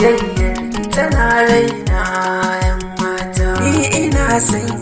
soyayyar tana raina yan mata ina san